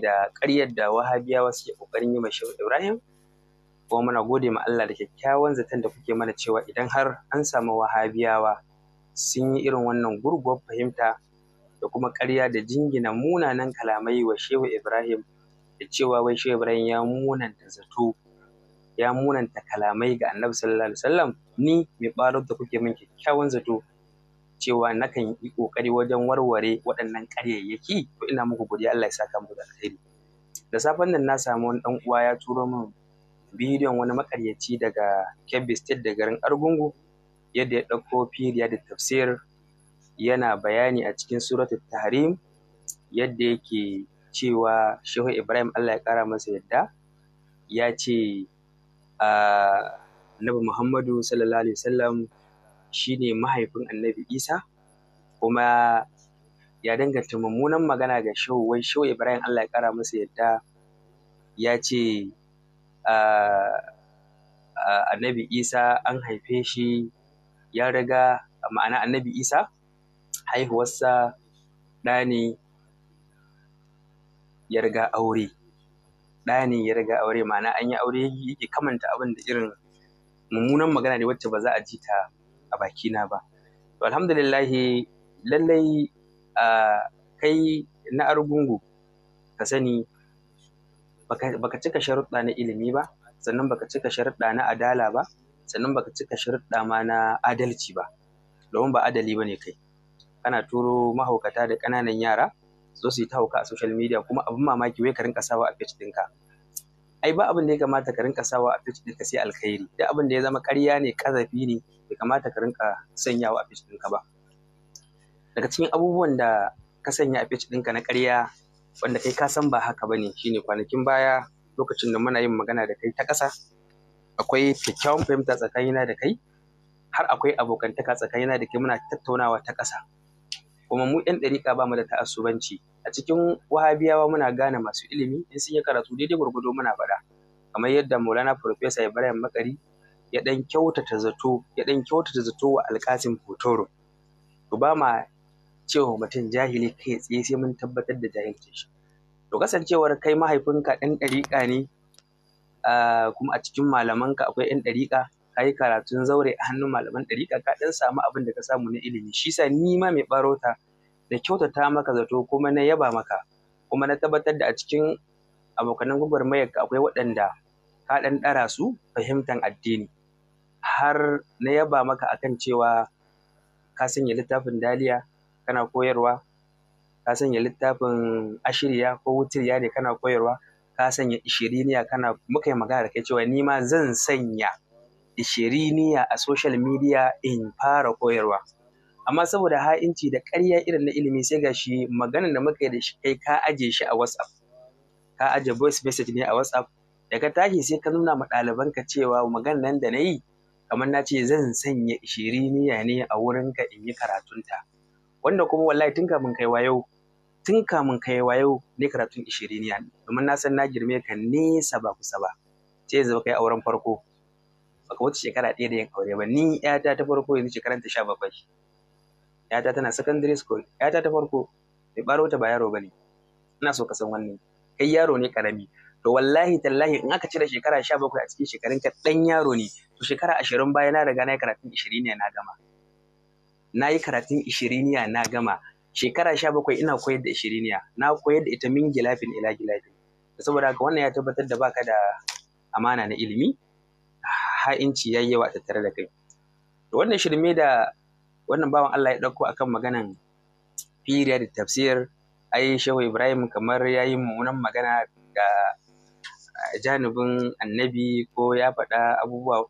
da ƙaryar da wahabiyawa suke ƙoƙarin yi ma shehu ibrahim kuma muna gode ma allah da kyakkyawan zaton da kuke mana cewa idan har an samu wahabiyawa sun yi irin wannan gurguwar fahimta da kuma ƙarya da jingina munanan kalamai wa shehu ibrahim da cewa wai shehu ibrahim ya munanta zato ya munanta kalamai ga annabi sallallahu alaihi wasallam ni mai ɓarar da kuke min kyakkyawan zato cewa nakan yi ƙoƙari wajen warware waɗannan ƙaryayyaki ko ina muku godiya Allah ya saka muku da alheri da safen nan na samu wani ɗan uwa ya turo min bidiyon wani makaryaci daga Kebbi State da garin Argungu yadda ya ɗauko firiya da tafsir yana bayani a cikin suratul tahrim yadda yake cewa Shehu Ibrahim Allah ya ƙara masa yadda ya ce ah, annabi Muhammadu sallallahu alaihi wasallam Shi ne mahaifin annabi isa kuma ya danganta mummunan magana ga shehu wai shehu ibrahim allah ya kara masa yadda ya ce ah, ah, annabi isa an haife shi ya riga ma'ana annabi isa haihuwarsa ɗa ne ya riga aure ɗa ne ya riga aure ma'ana an yi aure yake kamanta abin da irin mummunan magana ne wacce ba za a ji ta a bakina ba to alhamdulillahi lallai a kai na argungu ka sani baka cika sharuɗa na ilimi ba sannan baka cika sharuɗa na adala ba sannan baka cika sharuɗa ma na adalci ba domin ba adali ba ne kai kana turo mahaukata da ƙananan yara zo su yi ta a social media kuma abin mamaki wai ka rinka sawa a page ɗinka ai ba abin da ya kamata ka rinka sawa a page ɗinka sai alkhairi da abin da ya zama ƙarya ne ƙazafi ne bai kamata ka rinka sanyawa a page ɗinka ba daga cikin abubuwan da ka sanya a page ɗinka na ƙarya wanda kai ka san ba haka ba shi shine kwanakin baya lokacin da muna yin magana da kai ta ƙasa akwai kyakkyawan fahimta tsakanina da kai har akwai abokantaka tsakanina da kai muna tattaunawa ta ƙasa kuma mu ‘yan ɗariƙa ba mu da ta'assubanci a cikin wahabiyawa muna gane masu ilimi in sun yi karatu daidai gwargwado muna faɗa kamar yadda maulana farfesa ibrahim makari ya ɗan kyautata zato ya ɗan kyautata zato wa alƙasim hotoro to ba ma cewa mutum jahili kai tsaye sai mun tabbatar da jahilcin shi to kasancewar kai mahaifinka ɗan ɗariƙa ne ah, kuma a cikin malamanka akwai ‘yan ɗariƙa ka yi karatun zaure a hannun malaman ɗariƙa ka ɗan samu abin da ka samu na ilimi shi sa ni ma mai ɓarota da kyautata maka zato kuma na yaba maka kuma na tabbatar da a cikin abokanan gwagwarmayar ka akwai waɗanda ka ɗan ɗara su fahimtar addini har na yaba maka akan cewa ka sanya littafin daliya kana koyarwa ka sanya littafin ashirya ko wutirya ne kana koyarwa ka sanya ishiriniya kana muka yi magana da kai cewa ni ma zan sanya ishiriniya a social media in fara koyarwa amma saboda ha'inci da ƙarya irin na ilimi sai ga shi maganar da muka yi da shi kai ka aje shi a whatsapp ka aje voice message ne a whatsapp daga tashi sai ka nuna ma ɗalibanka cewa maganar nan da na yi kamar na ce zan sanya ishiriniya ne a wurinka in yi karatunta wanda kuma wallahi tun kamin kai wayo tun kamin kai wayo ne karatun ishiriniya domin na san na girme ka nesa ba kusa ba sai zaba kai auren farko baka wuce shekara ɗaya da yin aure ba ni yata ta farko yanzu shekaran ta sha bakwai yata tana secondary school yata ta farko bai baro ta ba yaro bane ina so ka san wannan kai yaro ne karami to wallahi tallahi in aka cire shekara sha bakwai a cikin shekarun ka ɗan yaro ne to shekara ashirin baya na riga na yi karatun ishiriniya na gama na yi karatun ishiriniya na gama shekara sha bakwai ina koyar da ishiriniya na koyar da ita min gilafin ila gilafin saboda haka wannan ya tabbatar da baka da amana na ilimi ha'inci ya yi yawa tattare da kai to wannan shirme da wannan bawan Allah ya ɗauko kan maganan firiya da tafsir ai shehu Ibrahim kamar ya yi mummunan magana ga ah, janibin annabi ko ya faɗa abubuwa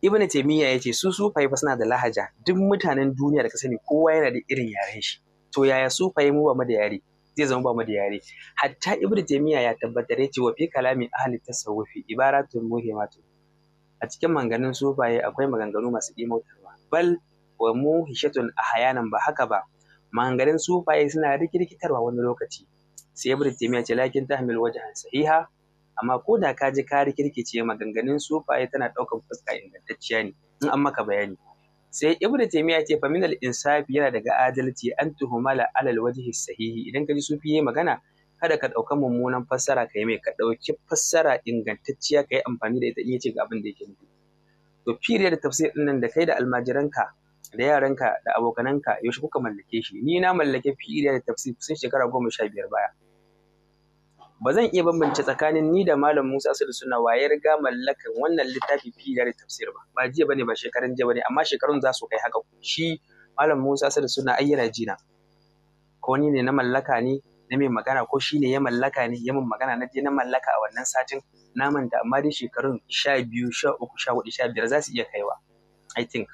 ibn taimiyya ya ce su sufaye fa suna da lahaja duk mutanen duniya da ka sani kowa yana da irin yaren shi to yaya sufaye mu ba mu da yare zai zama ba mu da yare hatta ibn taimiyya ya tabbatar ya ce wa fi kalami ahli tasawufi ibaratun muhimmatun a cikin maganganun sufaye akwai maganganu masu ɗimautarwa bal wa mu hishatun nan ba haka ba maganganun sufaye suna rikirkitarwa wani lokaci sai ibn taymiya ce lakin tahmil wajhan sahiha amma ko da ka ji ka rikirkice maganganun sufaye tana ɗaukar fuska ingantacciya ne in an maka bayani sai ibnu taymiya ce fa min al-insafi yana daga adalci an tuhumala alal wajhi sahihi idan ka ji sufi yayi magana kada ka ɗauka mummunan fassara ka yi mai ka ɗauki fassara ingantacciya ka yi amfani da ita in yace ga abin da yake nufi to period tafsir din nan da kai da almajiranka da yaranka da abokananka yaushe kuka mallake shi ni na mallake period tafsir kusan shekara goma sha biyar baya ba zan iya bambance tsakanin ni da malam Musa da suna waye riga mallakan wannan littafi period tafsir ba ba jiya bane ba shekarun jiya bane amma shekarun za su kai haka shi malam Musa da suna ayyana jina ko ni ne na mallaka ne na mai magana ko shi ne ya mallaka ne ya min magana na je na mallaka a wannan satin na manta amma dai shekarun sha biyu sha uku sha hudu sha biyar za su iya kaiwa I think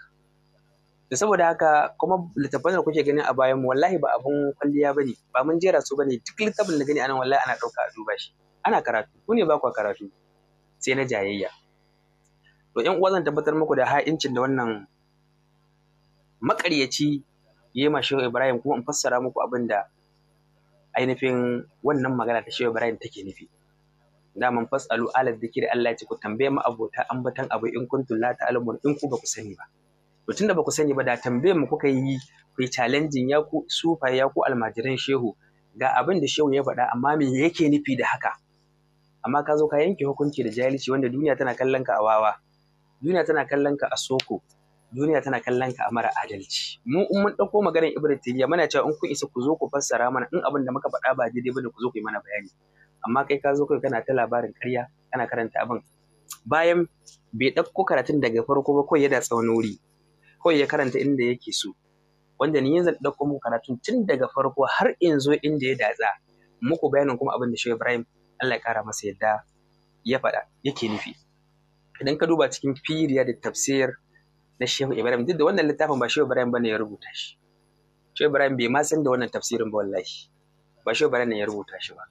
da saboda haka kuma littafan da kuke gani a bayan mu wallahi ba abun kwalliya bane ba mun jera su bane duk littafin da gani anan wallahi ana ɗauka a duba shi ana karatu ku ne ba ku karatu sai na jayayya to yan uwa zan tabbatar muku da ha'incin da wannan makaryaci yema shehu ibrahim kuma in fassara muku abin da ainihin wannan magana ta shehu ibrahim take nufi daman fasalu ala zikir Allah ce ku tambaye mu abota ambatan abu in kuntum la ta'lamun in ku ba ku sani ba to tunda ba ku sani ba da tambaye mu kuka yi ku challenging ya ku sufa ya ku almajiran shehu ga abin da shehu ya faɗa amma me yake nufi da haka amma ka zo ka yanke hukunci da jahilci wanda duniya tana kallon ka a wawa duniya tana kallon ka a soko duniya tana kallon ka a mara adalci mu in mun dauko maganar ibnu taymiya muna cewa in kun isa ku zo ku fassara mana in abin da muka faɗa ba daidai bane ku zo ku yi mana bayani amma kai ka zo kai kana ta labarin ƙarya kana karanta abin bayan bai ɗauko karatun daga farko ba kawai ya da tsawon wuri kawai ya karanta inda yake so wanda ni yanzu ɗauko muku karatun tun daga farko har in zo inda ya datsa muku bayanin kuma abin da shi Ibrahim Allah ya kara masa yadda ya faɗa yake nufi idan ka duba cikin firiya da tafsir na Shehu Ibrahim duk da wannan littafin ba Shehu Ibrahim bane ya rubuta shi Shehu Ibrahim bai ma san da wannan tafsirin ba wallahi ba Shehu Ibrahim ne ya rubuta shi ba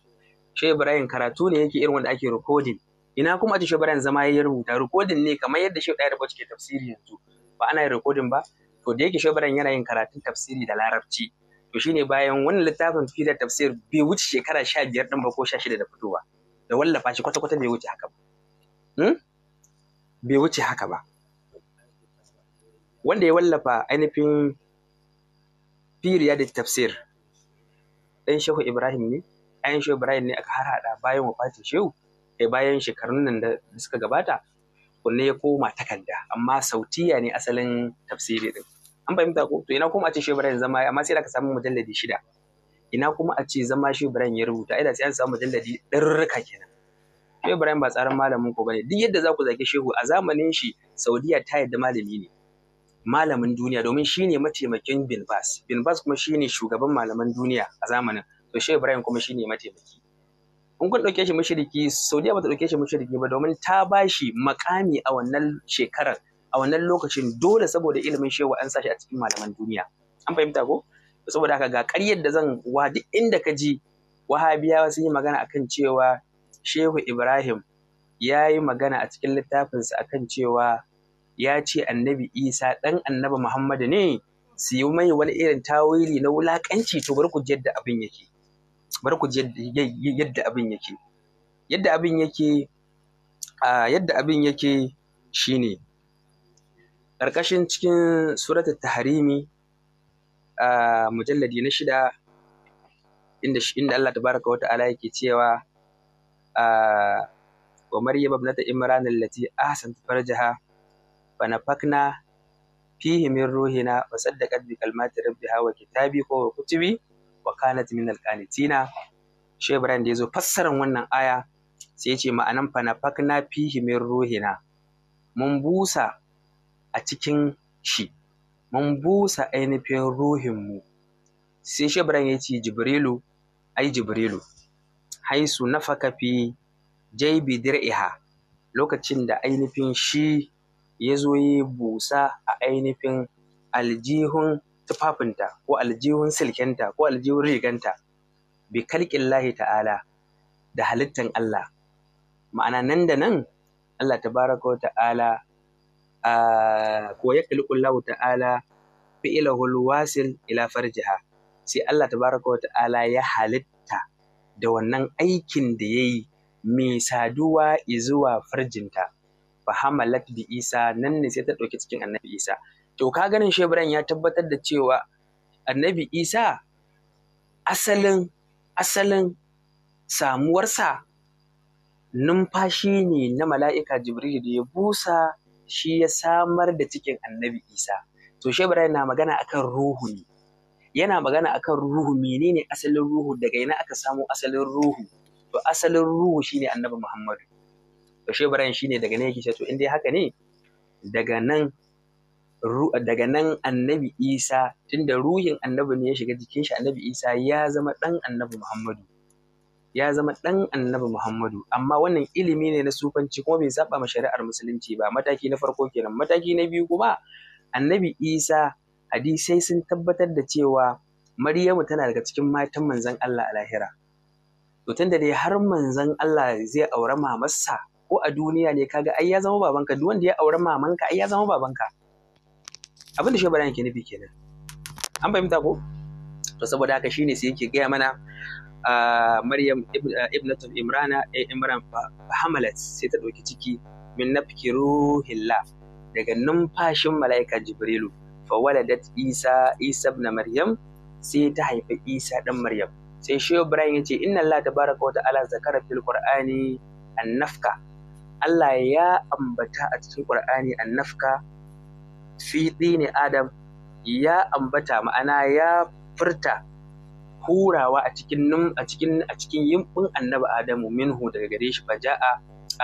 Shehu Ibrahim karatu ne yake irin wanda ake recording ina kuma a Shehu Ibrahim zama ya rubuta recording ne kamar yadda Shehu Ibrahim yake ke tafsiri yanzu ba ana yin recording ba to da yake Shehu Ibrahim yana yin karatun tafsiri da Larabci to shine bayan wannan littafin da tafsir bai wuce shekara sha biyar ɗin ba ko sha shida da fitowa da wallafa shi kwata-kwata bai wuce haka ba hmm? bai wuce haka ba wanda ya wallafa ainihin firiya da tafsir ɗan shehu ibrahim ne ayan shehu ibrahim ne aka harhaɗa bayan wafatin shehu bayan shekarun nan da suka gabata kunne ya koma takarda amma sautiya ne asalin tafsiri din an fahimta ko to ina kuma a ce shehu ibrahim zama amma sai da ka samu mujalladi shida ina kuma a ce zama shehu ibrahim ya rubuta ai da sai an samu mujalladi ɗarurruka kenan shehu ibrahim ba tsarin malamin ko bane duk yadda za ku zaki shehu a zamanin shi saudiya ta yadda malami ne malamin duniya domin shine mataimakin bin bas bin bas kuma shine shugaban malaman duniya a zamanin to shi ibrahim kuma shine mataimaki in kun ɗauke shi mashiriki saudiya ba ta ɗauke shi mashiriki ba domin ta ba shi makami a wannan shekarar a wannan lokacin dole saboda ilimin shehu an sa shi a cikin malaman duniya an fahimta ko saboda haka ga ƙaryar da zan wa duk inda ka ji wahabiyawa sun yi magana akan cewa shehu ibrahim ya yi magana a cikin littafinsa akan cewa ya ce annabi isa ɗan annabi muhammadu ne su yi mai wani irin tawili na wulaƙanci to bar ku ji yadda abin yake Bar ku ji yadda abin yake yadda abin yake yadda abin yake shine ƙarƙashin cikin suratul tahrimi a mujalladi na shida inda inda Allah tabaraka wa ta'ala yake cewa wa maryam ibnata Lati, allati ahsanat farjaha فنفخنا فيه من روحنا وصدقت بكلمات ربها وكتابي وكتبي وكانت من القانتين shi Ibrahim da ya zo wannan aya sai ya ce ma'anan fanafakna fihi min ruhina mun busa a cikin shi mun busa ainihin mu sai shi Ibrahim ya Jibrilu ai Jibrilu haisu nafaka fi jaibi dir'iha lokacin da ainihin shi ya zo yi busa a ainihin aljihun tufafinta ko aljihun silkenta ko aljihun riganta bi kalkin lahi ta'ala da halittan Allah ma'ana nan da nan Allah baraka wa ta'ala ko ya kalkullahu ta'ala fi ilahul wasil ila farjiha sai Allah baraka wa ta'ala ya halitta da wannan aikin da ya yi mai saduwa zuwa farjinta fahamalat bi isa nan ne sai ta ɗauki cikin annabi isa to ka ganin shebran ya tabbatar da cewa annabi isa asalin asalin samuwarsa numfashi ne na mala'ika jibril da ya busa shi ya samar da cikin annabi isa to shebran yana magana akan ruhu ne yana magana akan ruhu menene asalin ruhu daga ina aka samu asalin ruhu to asalin ruhu shine annabi muhammadu to shi Ibrahim shine daga nan yake to in dai haka ne daga nan daga nan annabi Isa tunda ruhin annabi ne ya shiga jikin shi annabi Isa ya zama dan annabi Muhammadu ya zama ɗan annabi Muhammadu amma wannan ilimi ne na sufanci kuma bai saba ma shari'ar musulunci ba mataki na farko kenan mataki na biyu kuma annabi Isa hadisai sun tabbatar da cewa Maryamu tana daga cikin matan manzon Allah a lahira to tunda dai har manzon Allah zai aure mamarsa ko a duniya ne kaga ai ya zama babanka duk wanda ya auri mamanka ai ya zama babanka abin da shebara yake nufi kenan an fahimta ko to saboda haka shine sai yake gaya mana Maryam ibnatu Imrana ay eh, Imran fa hamalat sai ta dauki ciki min nafki ruhillah daga numfashin mala'ika Jibrilu fa waladat Isa Isa ibn Maryam sai ta haifi Isa dan Maryam sai Shehu Ibrahim ya ce inna Allah tabaraka wa ta'ala zakara fil Qur'ani annafka Allah ya ambata a cikin Ƙur'ani annafka fi ne Adam ya ambata ma'ana ya furta hurawa a cikin nun a cikin a cikin annabi Adamu minhu daga gare shi a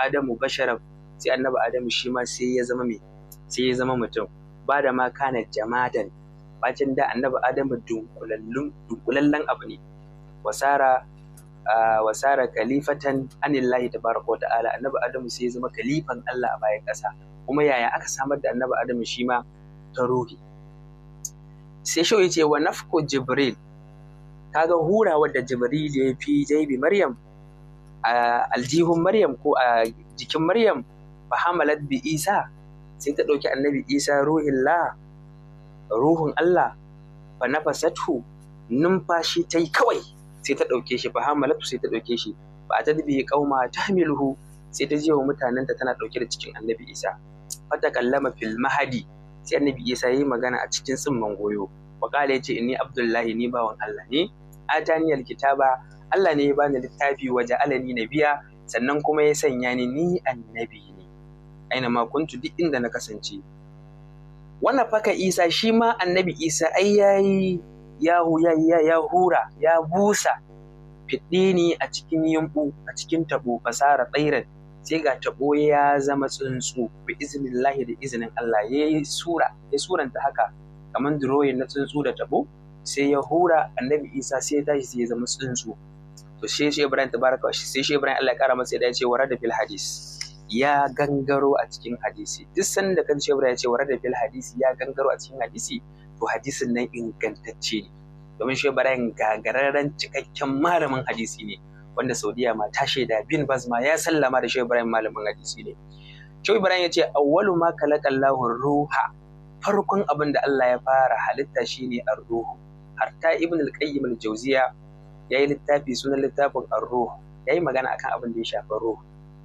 Adamu basharan sai annabi Adamu shi ma sai ya zama me sai ya zama mutum ba da ma kana jamadan bacin da annabi Adamu dunkulallun abu ne wasara wa sara kalifatan anillahi tabaraka wa ta'ala annabi adamu sai ya zama kalifan Allah a bayan kasa. kuma yaya aka samar da annabi adamu shi ma ta ruhi sai shi yace wa nafku jibril kaga hurawar da jibril ya fi jaibi maryam a aljihun maryam ko a jikin maryam fa hamalat bi isa sai ta ɗauki annabi isa ruhin la ruhun Allah fa nafasathu numfashi ta kawai sai ta ɗauke shi fa sai ta ɗauke shi ba ta dubi ta tahmiluhu sai ta jiwa mutanen ta tana ɗauke da cikin annabi isa fata kallama fil mahadi sai annabi isa yayi magana a cikin tsimman goyo wa qala yace inni abdullahi ni bawan Allah ne atani alkitaba Allah ne ya bani littafi wa ja'alani nabiya sannan kuma ya sanya ni ni annabi ne aina ma kuntu duk inda na kasance wannan faka isa shi ma annabi isa ai yayi ya hura ya busa ne a cikin yumbu a cikin tabo fasara tsairar sai ga tabo ya zama tsuntsu bi lahi da izinin Allah yi sura ya suranta haka kamar drawing na tsuntsu da tabo sai ya hura annabi Isa sai ya tashi sai ya zama tsuntsu to sai shi Ibrahim tabaraka shi sai shi Ibrahim Allah ya kara masa ya ce warada fil hadis ya gangaro a cikin hadisi duk sanda kan shi Ibrahim ya ce warada fil hadisi ya gangaro a cikin hadisi to hadisin nan ingantacce ne domin shi Ibrahim gagararren cikakken malamin hadisi ne wanda Saudiya ma ta shaida bin Baz ya sallama da shi malamin hadisi ne shi Ibrahim ya ce awwalu ma kalakallahu ruha farkon abin da Allah ya fara halitta shine ar-ruhu ta Ibn al-Qayyim al-Jawziya yayi littafi sunan littafin ar-ruh yayi magana akan abin da ya shafi ruh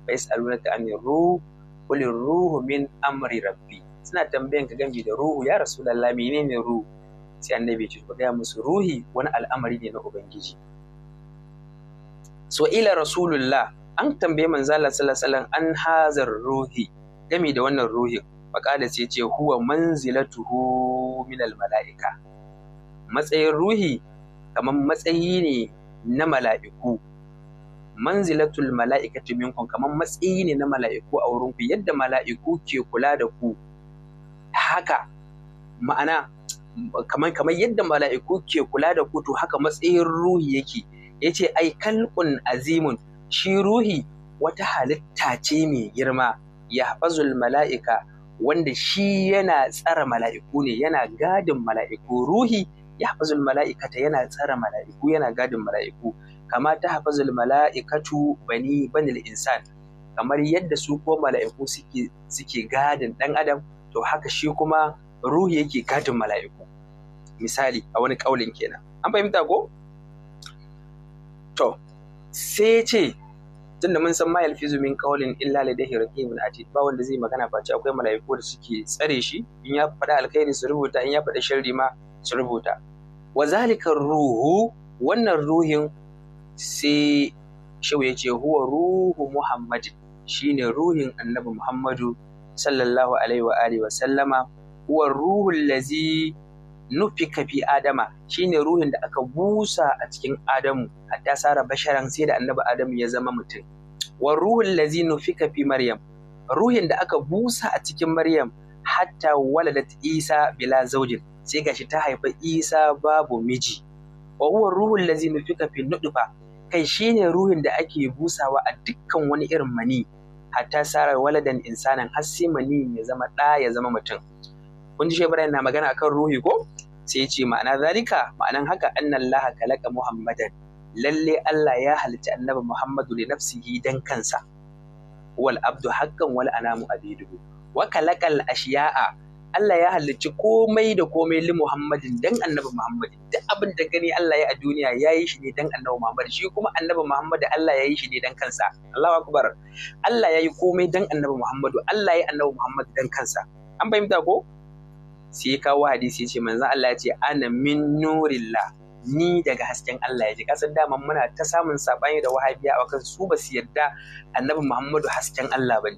fa yas'alunaka amin ruh qul ruhu min amri rabbi suna tambayan ka gambi da ruhu ya ne menene ruhu sai annabi ce ku musu ruhi wani al'amari ne na ubangiji so ila rasulullah an tambaye manzo Allah sallallahu an hazar ruhi gami da wannan ruhi faqala sai ce huwa manzilatuhu min al malaika matsayin ruhi kamar matsayi ne na mala'iku manzilatul mala'ikatu minkum kamar matsayi ne na mala'iku a wurinku yadda mala'iku ke kula da ku haka ma'ana kamar kamar yadda mala'iku ke kula da kutu haka matsayin ruhi yake yace ai kalqun azimun shi ruhi wata halitta ce mai girma ya hafazul mala'ika wanda shi yana tsara mala'iku ne yana gadin mala'iku ruhi ya hafazul mala'ikata yana tsara mala'iku yana gadin mala'iku kama ta hafazul mala'ikatu bani banil insan kamar yadda su ko mala'iku suke suke gadin dan adam to haka shi kuma ruhi yake katin mala'iku misali a wani ƙaulin kenan an fahimta ko to sai ce tunda mun san mayal fizu min qawlin illa ladayhi raqibun ati, ba wanda zai magana face akwai mala'iku da suke tsare shi in ya faɗa alkhairi su rubuta in ya faɗa sharri ma su rubuta wa zalika ruhu wannan ruhin sai Shau ya ce huwa ruhu muhammadin shine ruhin annabi muhammadu sallallahu alaihi wa alihi wa sallama huwa ruhul lazi nufika fi adama shine ruhin da aka busa a cikin adamu hatta sara basharan sai da annabi adamu ya zama mutum wa ruhul lazi nufika fi maryam ruhin da aka busa a cikin maryam hatta waladat isa bila zaujin sai gashi ta haifa isa babu miji wa huwa ruhul lazi nufika fi nudfa kai shine ruhin da ake busawa a dukkan wani irin mani hatta sara waladan insanan har sai ya zama ɗa ya zama mutum kun ji shebara na magana akan ruhi ko sai ce ma'ana zalika ma'anan haka annallaha kalaka muhammadan lalle Allah ya halitta annabi Muhammadu li nafsihi dan kansa wal abdu haqqan wal anamu abiduhu wa kalaqal ashiya'a Allah ya halicci komai da komai li Muhammadin dan annabi Muhammad duk abin da gani Allah ya a duniya yayi yi shi ne dan annabi Muhammad shi kuma annabi Muhammad Allah ya yi shi ne dan kansa Allahu akbar Allah ya komai dan annabi Muhammad Allah ya annabi Muhammad dan kansa an fahimta ko sai kawo hadisi ce manzon Allah ya ce ana min nurillah ni daga hasken Allah ya ji kasan dama muna ta samun sabani da wahabiya a kan su ba su yarda annabi Muhammadu hasken Allah bane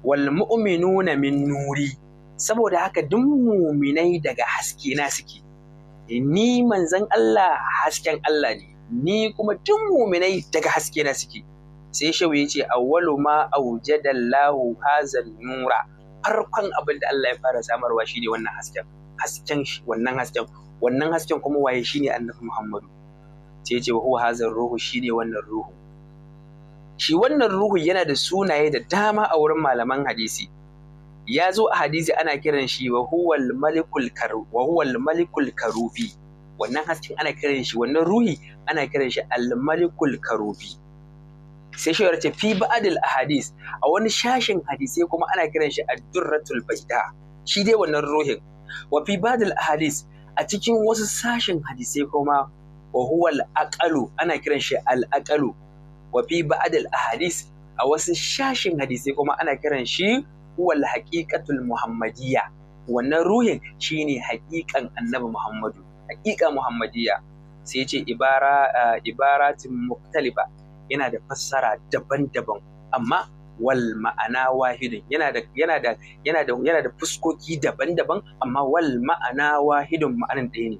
wal mu'minuna min nuri saboda haka duk muminai daga haske na suke eh, ni manzan Allah hasken Allah ne ni kuma duk muminai daga haske na suke sai shehu ya ce awwalu ma awjadallahu hazan nura farkon abin da Allah ya fara samarwa shine wannan hasken hasken wannan hasken wannan hasken kuma waye shine annabi Muhammadu sai ya ce wa huwa hazan ruhu shine wannan ruhu shi wannan ruhu yana da sunaye da dama a wurin malaman hadisi ya zo a hadisi ana kiran shi wa huwal malikul malikul karubi wannan hasken ana kiran shi wannan ruhi ana kiran shi al malikul karubi sai shi ce fi ba'dil ahadis a wani shashin hadisai kuma ana kiran shi ad-durratul bayda shi dai wannan ruhin wa fi ba'dil ahadis a cikin wasu sashin hadisai kuma wa huwal aqalu ana kiran shi al aqalu wa fi ba'dil ahadis a wasu shashin hadisai kuma ana kiran shi huwal haqiqatul muhammadiyya wannan ruhin shine haƙiƙan annabi muhammadu haƙiƙa muhammadiyya sai ce ibara eh, ibaratin muktaliba yana da fassara daban-daban amma wal ma'ana wahidun yana da fuskoki daban-daban amma wal ma'ana wahidun ma'anan ɗaya ne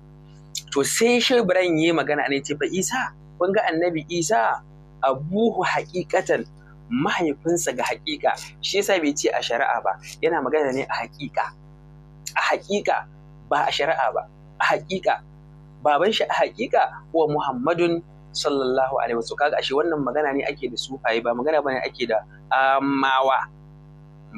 to sai shi Ibrahim yayi magana ne ce fa Isa kun ga annabi Isa abuhu haƙiƙatan mahaifinsa ga haƙiƙa shi yasa bai ce a shari'a ba yana magana ne a haƙiƙa a haƙiƙa ba a shari'a ba a haƙiƙa baban shi a haƙiƙa wa muhammadun sallallahu alaihi wasu kaga ashe wannan magana ne ake da sufaye ba magana bane ake da amawa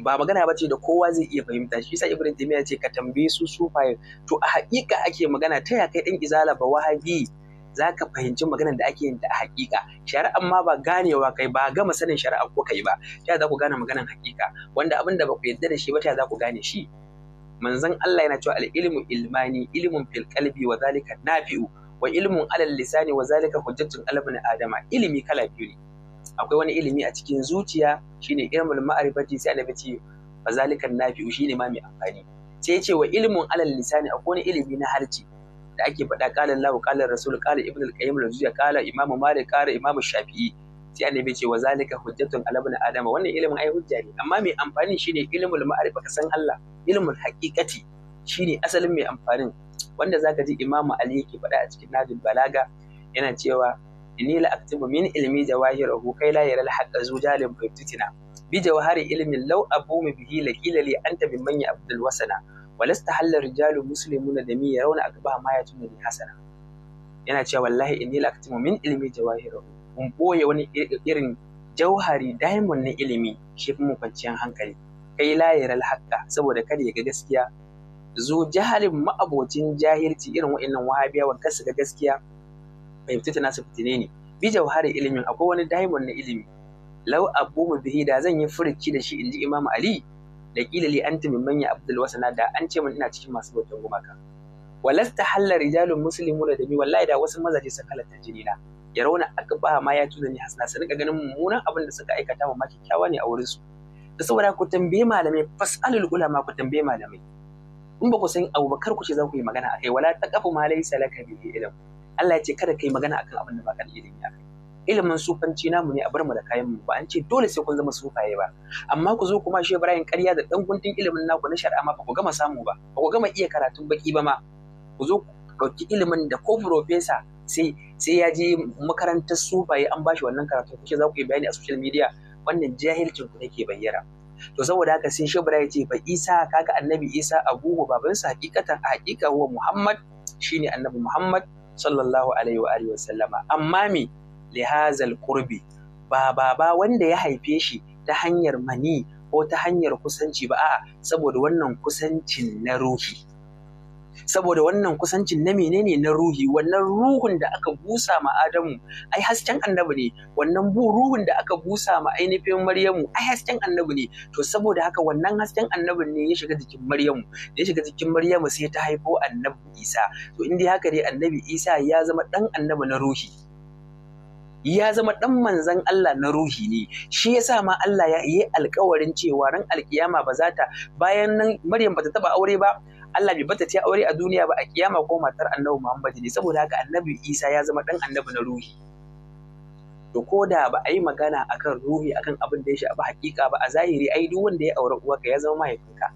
ba magana ba ce da kowa zai iya fahimta shi sa ibrahim taymiya ce ka tambaye su sufaye to a haƙiƙa ake magana ta ya kai dan izala ba wahabi za ka fahimci maganar da ake yin ta a hakika shari'ar ma ba ganewa kai ba gama sanin shari'a ko kai ba ta za ku gane maganan hakika wanda abin da baku ku yarda da shi ba ta za ku gane shi manzon Allah yana cewa al-ilmu ilmani ilmun fil qalbi wa zalika nafi'u wa ilmun ala lisani wa zalika hujjatun alabni adama ilimi kala biyu ne akwai wani ilimi a cikin zuciya shine ilmul ma'rifati sai annabi ce fa zalika nafi'u shine ma mai amfani sai ce wa ilmun ala lisani akwai wani ilimi na harci da ake faɗa qala lahu qala Rasul qala Ibn al-Qayyim al-Juzayy qala Imam Malik qala Imam Shafi'i sai annabi ce wa zalika hujjatun ala ibn adama wannan ilimin ai hujja ne amma mai amfani shine ilmul ma'arifa ka san Allah ilmul haqiqati shine asalin mai amfanin wanda zaka ji Imam Ali yake faɗa a cikin Najul Balaga yana cewa inni la aktubu min ilmi jawahirahu kai la yaral haqqa zujalin baytutina bi jawhari ilmin law abu bihi laqila li anta mimman ya abdul wasana walasta hallar rijalu muslimuna da mi aka ba ma yatuna da hasana yana cewa wallahi inni la aktimu min ilmi jawahiru mun boye wani irin jauhari diamond na ilimi shi fi mu kwanciyar hankali kai layiral haƙƙa saboda kada ya ga gaskiya zu jahalin ma'abocin jahilci irin wa'annan wahabiyawan kar su ga gaskiya bai tana su fitine ne bi jauhari ilimin akwai wani diamond na ilimi lau abu mu bihi da zan yi furuci da shi in ji imamu ali da kila li anta min manya abdul wasana da an ce min ina cikin masu bautan gumaka walasta halla rijalun muslimu da mi wallahi da wasu mazaje su halatta jini na ya rauna aka ba ma ya tuna ni hasna su ga ganin mummunan abin da suka aikata ma kyakkyawa ne a wurin su da saboda ku tambaye malamai fasalul ulama ku tambaye malamai in ba ku san abubakar ku ce za ku yi magana akai wala taqafu ma laysa laka bihi ilm Allah ya ce kada kai magana akan abin da ba ka da ilimi akai ilimin sufanci namu ne a bar mu da kayan mu ba an ce dole sai kun zama sufaye ba amma ku zo kuma shi Ibrahim ƙarya da dan guntun ilimin naku na shari'a ma ba ku gama samu ba ba ku gama iya karatun baki ba ma ku zo ɗauki ilimin da ko profesa sai sai ya je makarantar sufaye an bashi wannan karatun kuke za ku yi bayani a social media wannan jahilcin ku nake bayyana to saboda haka sai shibra ya ce fa isa kaga annabi isa baban babansa hakikatan a hakika huwa muhammad shine annabi muhammad sallallahu alaihi wa alihi wa sallama amma me lihazal Kurbi, ba baba wanda ya haife shi ta hanyar mani ko ta hanyar kusanci ba a'a saboda wannan kusancin na ruhi saboda wannan kusancin na menene na ruhi wannan ruhun da aka busa ma Adamu ai hasken annabi ne wannan bu ruhun da aka busa ma ainihin Maryamu ai hasken annabi ne to saboda haka wannan hasken annabin ne ya shiga jikin Maryamu da ya shiga jikin Maryamu sai ta haifo annabi Isa to inda haka dai annabi Isa ya zama dan annabi na ruhi ya zama ɗan manzan Allah na ruhi ne shi ya sa ma Allah ya yi alkawarin cewa ran alkiyama ba za ta bayan nan Maryam bata taba aure ba Allah bai bata ta aure a duniya ba a kiyama ko matar Annabi Muhammad ne saboda haka Annabi Isa ya zama ɗan Annabi na ruhi to ko da ba a yi magana akan ruhi akan abin da ya shafi hakika ba a zahiri ai duk wanda ya aure uwarka ya zama mahaifinka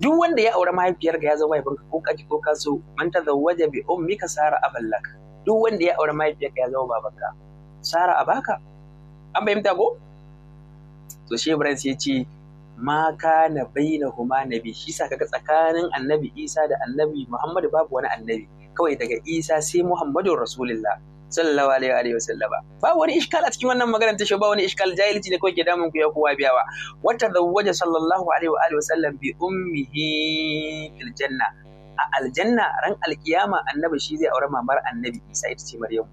duk wanda ya aure mahaifiyarka ya zama mahaifinka ko kaji ko kaso man tazawwaja bi ummika sara aballaka duk wanda ya aure mahaifiyarka ya zama babanka sara a baka an fahimta ko to shi ibrahim sai ce ma kana na nabi shi sa kaga tsakanin annabi isa da annabi muhammadu babu wani annabi kawai daga isa sai muhammadun rasulullah sallallahu alaihi wa wasallama ba wani iskal a cikin wannan maganar ta ba wani iskal jahilci ne kawai ke damun ku ya kowa biyawa wata zawwaja sallallahu alaihi wa sallam bi ummihi fil janna a aljanna ran alkiyama annabi shi zai aure mamar annabi isa ita ce maryamu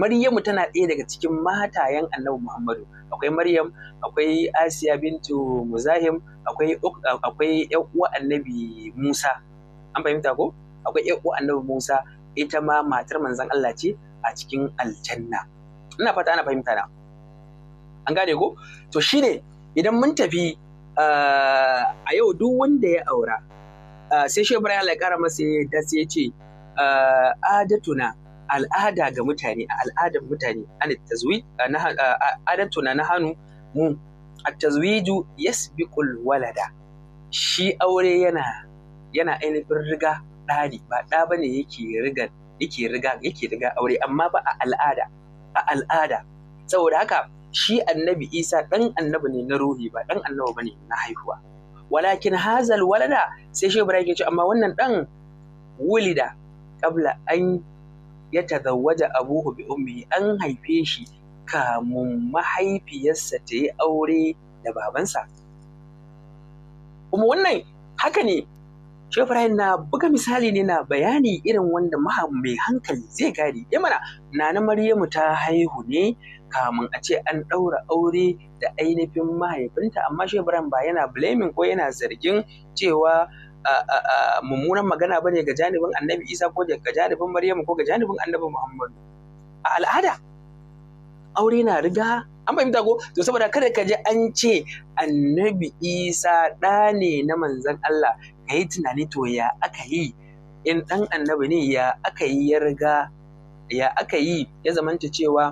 maryamu tana ɗaya daga cikin matayen annabi muhammadu akwai maryam akwai asiya bintu muzahim akwai akwai yan uwa annabi musa an fahimta ko akwai yan uwa annabi musa ita ma matar manzon allah ce a cikin aljanna ina fata ana fahimta na an gane ko to shine idan mun tafi ah, a yau duk wanda ya aura Ah, sai shi ya kara masa yadda sai ya ce ah, adatuna al'ada ga mutane a al'adar mutane an tazwi ah, adatuna na hannu mu at tazwiju yasbiqul walada shi aure yana yana ainihin riga ɗari ba ɗa bane yake riga yake riga yake riga aure amma ba a al'ada a al'ada saboda haka shi annabi isa ɗan annabi ne na ruhi ba ɗan annabi bane na haihuwa walakin hazal walada sai shi ibrahim ya ce amma wannan dan wulida kabla an ya tazawwaja abuhu bi ummi an haife shi kamun mahaifiyarsa ta yi aure da babansa kuma wannan haka ne Shehu na buga misali ne na bayani irin wanda maha mai hankali zai gari. Ya eh mana Nana Maryamu ta haihu ne kamun a ce an ɗaura aure da ainihin mahaifinta amma Shehu ba yana blaming ko yana zargin cewa mummunan magana ba ne ga janibin annabi Isa ko ga janibin Maryamu ko ga janibin annabi Muhammadu. A al'ada aure na riga an fahimta dago. to saboda kada ka ji an ce annabi isa ɗa ne na manzan Allah ka yi tunani to ya aka yi in ɗan annabi ne ya aka yi ya riga ya aka yi ya zamanta cewa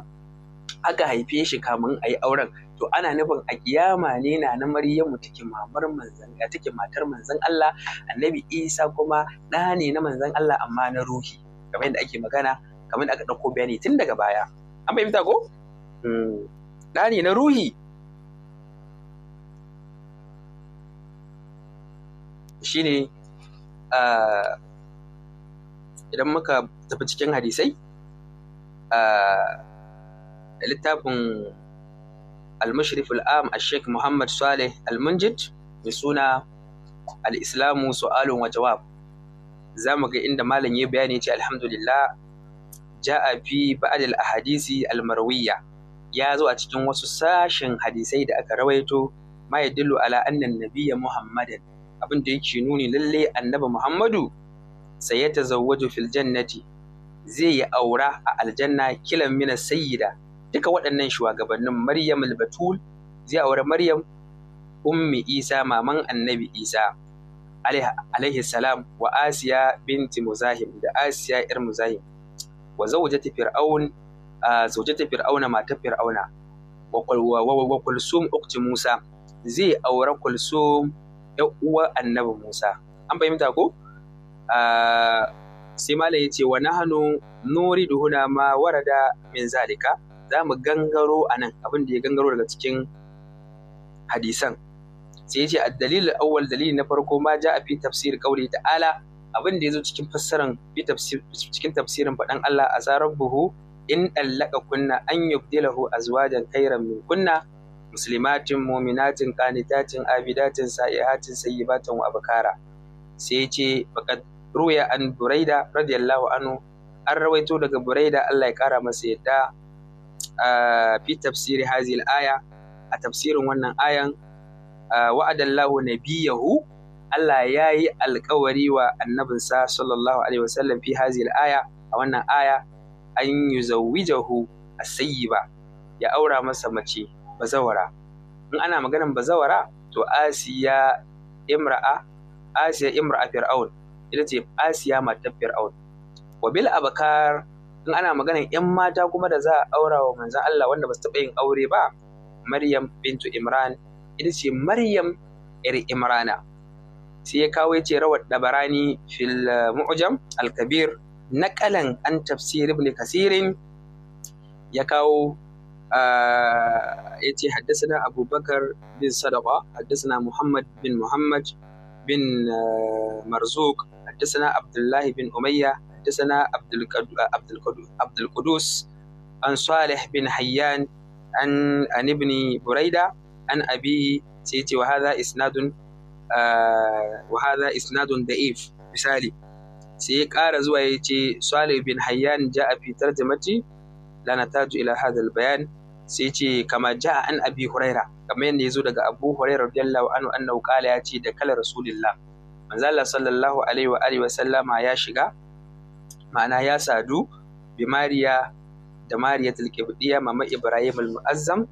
aka haife shi kamun a yi auren to ana nufin a kiyama ne na na maryamu take mamar manzan eh, take matar manzan Allah annabi isa kuma ɗa ne na manzan Allah amma na ruhi kamar yadda ake magana kamar yadda aka ɗauko bayani tun daga baya an fahimta ko hmm. ɗa ne na ruhi ne idan muka tafi cikin hadisai a littafin al-mushrif al-am sheikh muhammad saleh al-munjid mai suna al-islamu su'alun wa jawab za mu ga inda malam ya bayani ce alhamdulillah ja'a fi ba'd a hadisi al-marwiyya ya zo a cikin wasu sashen hadisai da aka rawaito ma yadullu ala annan nabiyya muhammadin abin da yake nuni lalle annabi Muhammadu sai ya tazawwaju fil jannati zai yi aura a aljanna kilan mina sayyida duka waɗannan shugabannin Maryam al-Batul zai aure Maryam ummi Isa maman annabi Isa alaihi salam wa Asiya binti Muzahim da Asiya ir Muzahim wa zawjati fir'aun zaujati fir'auna ta fir'auna wa kulsum ukti Musa zai aure kulsum ‘yan uwar annabi Musa. An fahimta ko? Ah, sai malam ya ce wa hannu nuri duhuna ma warada min zalika za mu gangaro a nan abin da ya gangaro daga cikin hadisan sai ya ce a dalilin awwal dalili na farko ma ja a fi tafsir kauli ta'ala abin da ya zo cikin fassaran cikin tafsirin faɗan Allah a tsarar buhu in ɗallaka kunna an yubdilahu azwajan khairan min kunna muslimatin muminatin qanitatin abidatin sa'ihatin sayyibatin wa abkara sai ce faqad ruya an buraida radiyallahu anhu an rawaito daga buraida Allah ya kara masa yadda fi tafsiri hazil aya a tafsirin wannan ayan wa'adallahu nabiyahu Allah ya yi alkawari wa annabinsa sallallahu alaihi wasallam fi hazil aya a wannan aya an yuzawwijahu as-sayyiba ya aura masa mace bazawara in ana maganan bazawara to asiya imra'a asiya imra'a fir'aun ita ce asiya matar fir'aun wa bil abakar in ana maganan yan mata kuma da za a aura wa manzon Allah wanda ba su taɓa yin aure ba maryam bintu imran ita ce maryam yar imrana sai ya kawo ce rawar dabarani fil eh, mu'jam al kabir an tafsir ibn kasirin ya kawo ya ce haddasa abubakar bin sadaqa haddasa muhammad bin muhammad bin marzuk haddasa abdullahi bin umayya haddasa abdulkudus an salih bin hayyan an ibni buraida an abi sai ce wa hadha isnadun da'if misali sai ya ƙara zuwa ya ce salih bin hayyan ja'a fi tarjamati la nataju ila hadha bayan sai ce kama ja an abi huraira kamar yadda ya zo daga abu huraira radiyallahu anhu annahu qala ya ce da kala rasulillah manzo Allah sallallahu alaihi wa alihi wa sallama ya shiga ma'ana ya sadu bi mariya da mariya tilkibdiya mama ibrahim al-mu'azzam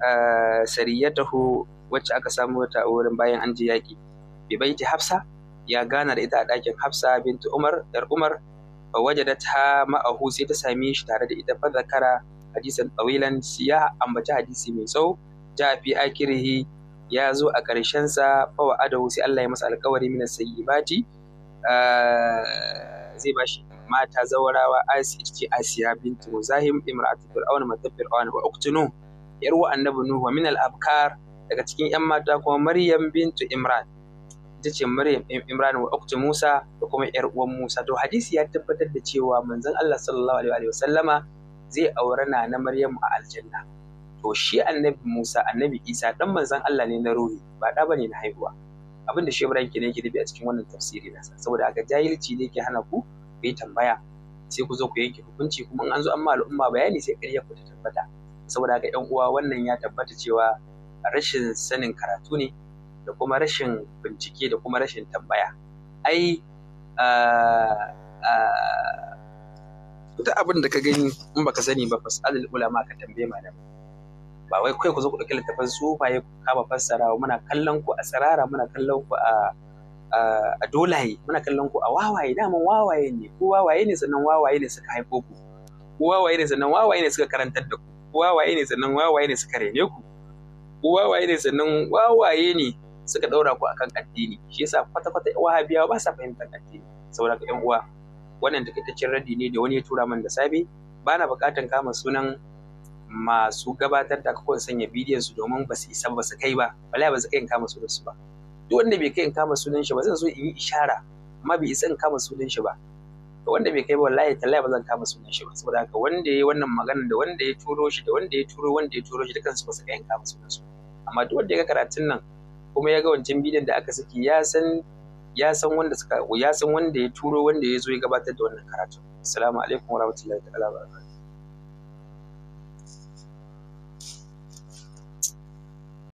eh, sariyatahu wacce aka samu ta wurin bayan an ji yaki bi baiti hafsa ya gana da ita a ɗakin hafsa bint umar yar umar wajadat ha ma'ahu sai ta same shi tare da ita fa zakara hadisan tawilan shi ya ambaci hadisi mai tsawo ja fi akirihi ya zo a ƙarshen sa fa wa wa'adahu sai Allah ya masa alƙawari min sayyibati ah, zai bashi mata zawarawa asiya asiya bintu zahim imra'atu fir'auna matar fir'auna wa uktunu yar wa annabi nuhu wa min al daga cikin yan mata kuma maryam bintu imran ita ce Maryam Imran wa uktu Musa da kuma ƴar uwan Musa to hadisi ya tabbatar da cewa manzon Allah sallallahu alaihi wa sallama zai aure na Maryam a aljanna to shi annabi Musa annabi Isa dan manzon Allah ne na ruhi ba da bane na haihuwa abin da Shehu Ibrahim kenan da nufi a cikin wannan tafsiri na saboda haka jahilci ne yake hana ku ku yi tambaya sai ku zo ku yanke hukunci kuma in an zo an ma al'umma bayani sai ƙarya ku ta tabbata saboda haka ƴan uwa wannan ya tabbata cewa rashin sanin karatu ne da kuma rashin bincike da kuma rashin tambaya ai ah, ah, duk abin da ka gani in baka sani ba fas'alul ulama ka tambaye malam ba wai kai ku zo ku dauki littafin sufaye ku kama fassarawa muna kallon ku a tsirara muna kallon ku a a dolaye muna kallon ku a wawaye daman wawaye ne ku wawaye ne sannan wawaye ne suka haifo ku ku wawaye ne sannan wawaye ne suka karantar da ku ku wawaye ne sannan wawaye ne suka rene ku ku wawaye ne sannan wawaye ne suka ɗaura ku akan addini shi yasa kwata-kwata wahabiyawa ba sa fahimtar addini saboda ka 'yan uwa wannan takaitaccen radi ne da wani ya tura min da safe ba na buƙatar kama sunan masu gabatar da kakon sanya bidiyon su domin ba su isa ba su kai ba wallahi ba su kai in kama sunan su ba duk wanda bai kai in kama sunan shi ba zan so in yi ishara amma bai isa in kama sunan shi ba to wanda bai kai ba wallahi tallahi ba zan kama sunan shi ba saboda haka wanda yayi wannan magana da wanda ya turo shi da wanda ya turo wanda ya turo shi da kansu ba su kai in kama sunan su amma duk wanda ya ga karatun nan kuma ya ga wancan bidiyon da aka saki ya san ya san wanda suka ya san wanda ya turo wanda ya zo ya gabatar da wannan karatu assalamu alaikum warahmatullahi ta'ala